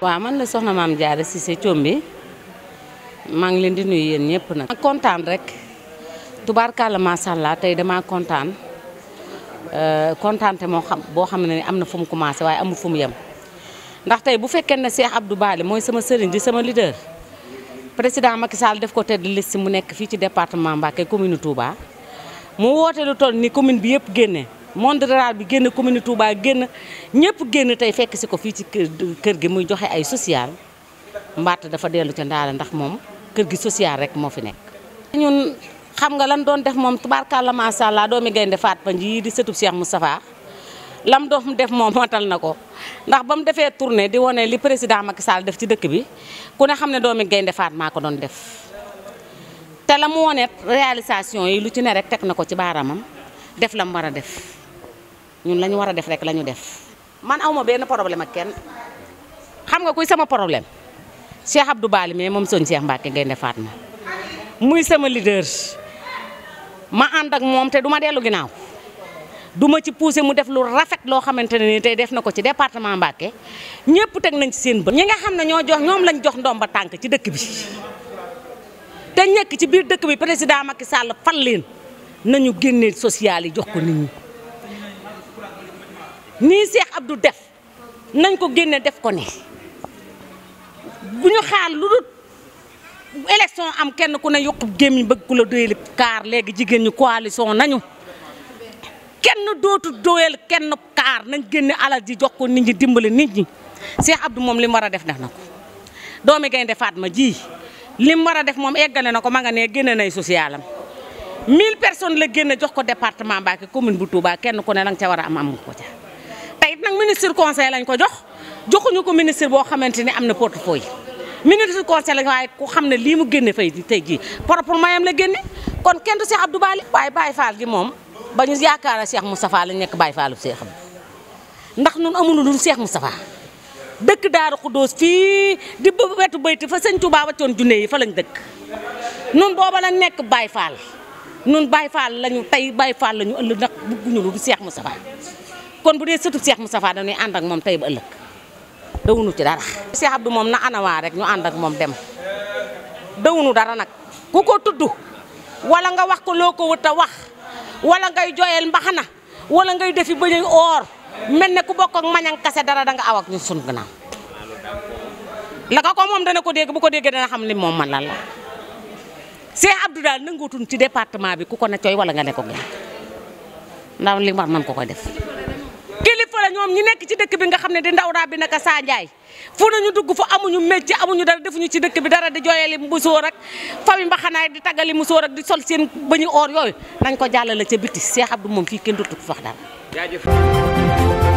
waaw man la soxna maam Diarra Cissé Thiombi maa ngi leen di nuyu yéen ñëpp nag. ma kontaan rek tubaar tubaarkàlla macha allah tey damaa kontaan euh, kontaante moo xam boo xam ne am na fu mu commencé waaye amul fu mu yem ndax tey bu fekkee ne Cheikh Abdou Bali mooy sama sëriñ di sama leader président Macky Sall def ko tête de liste mu nekk fii ci département Mbacké commune Touba mu woote lu toll ni commune bi yëpp génnee monde rural bi génn commune Touba génn ñëpp génn tey fekk si ko fii ci kër gi muy joxe ay social mbaat dafa dellu ca ndaala ndax moom kër gi social rek moo fi nekk. ñun xam nga lan doon def moom tubaarkàlla macha allah doomi gaynde faat pa ji di sëtub Cheikh Moustapha lam doom def moom matal na ko ndax ba mu defee tournée di wane li président Macky Sall def ci dëkk bi ku ne xam ne doomi gaynde faat maa ko doon def te la mu wone réalisation yi lu ci ne rek teg na ko ci baaraamam def la mu war a def. ñun lañu war a def rek la ñu def man awma benn problème ak kenn xam nga kuy sama problème Cheikh Abdou Bali mais moom soñ Cheikh Mbacke defaat ma muy sama leader ma ànd ak moom te duma dellu ginnaaw duma ci poussé mu def lu rafet loo xamante ne ni tey def na ko ci département Mbacke ñëpp teg nañ ci seen bët. ñi nga xam ne ñoo jox ñoom lañ jox ndomba tànk ci dëkk bi te ñekk ci biir dëkk bi président Macky Sall fal leen nañu génne social yi jox ko nit ñi. nii Cheikh Abdou def nañ ko génne def ko nii bu ñu xaar lu dul élection am kenn ku ne yuqub gémmiñ bëgg ku la doyali kaar léegi jigéen ñi coalition nañu kenn dootu doyal kenn kaar nañ génne alal ji jox ko nit ñi dimbali nit ñi Cheikh Abdou moom li mu war a def def na ko doomi gaynde Fatma ji li mu war a def moom eggale na ko ma nga ne génne nay socialam mille personnes la génne jox ko département Mbacké commune bu Touba kenn ku ne la nga ca war a am am ko nag ministre conseil lañ ko jox joxuñu ko ministre boo xamante ni am na portefeuille ministre conseil lañ waaye ku xam ne lii mu génne fay tey jii propre mayam la génne kon kenn du Cheikh Abdou Bali waaye Baye Fall gi moom ba ñu yaakaar a Cheikh Moustapha lañ nekk Baye Fallu Cheikh ndax nun amul lu mu Moustapha dëkk Daaru Xuddoos fii di ba wetu bayti fa sëñ a toon junne yi fa lañ dëkk nun booba lañ nekk Baye Fall nun Baye Fall lañu tey Baye Fall lañu ëllëg nag bëgguñu lu Cheikh Moustapha kon bu dee sëtu Cheikh Moustapha dañuy ànd ak moom tay ba ëllëg dawunu ci dara Cheikh Abdou moom na anawaa rek ñu ànd ak moom dem dawunu dara nag ku ko tudd wala nga wax ko loo ko wut a wax wala ngay jooyal mbaxana wala ngay defi bañ a oor mel ne ku bokk ak mañan kase dara danga aw ak ñu sun gannaaw la ko moom dana ko dégg bu ko déggee dana xam ni moom man lan la Cheikh Abdou daal nanguutuñ ci département bi ku ko ne cooy wala nga ne ko gën ndaw li war man ko koy def ñoom ñi nekk ci dëkk bi nga xam ne di ndaw raa bi naka Saa Njaay fu ñu dugg fu amuñu métier amuñu dara defuñu ci dëkk bi dara di jooyali musóor ak fawi mbaxanaay di taggali musóor ak di sol seen bañu oor yooyu nañ ko jàllale ca biti Cheikh Abdou moom fii kenn dootu ko wax dara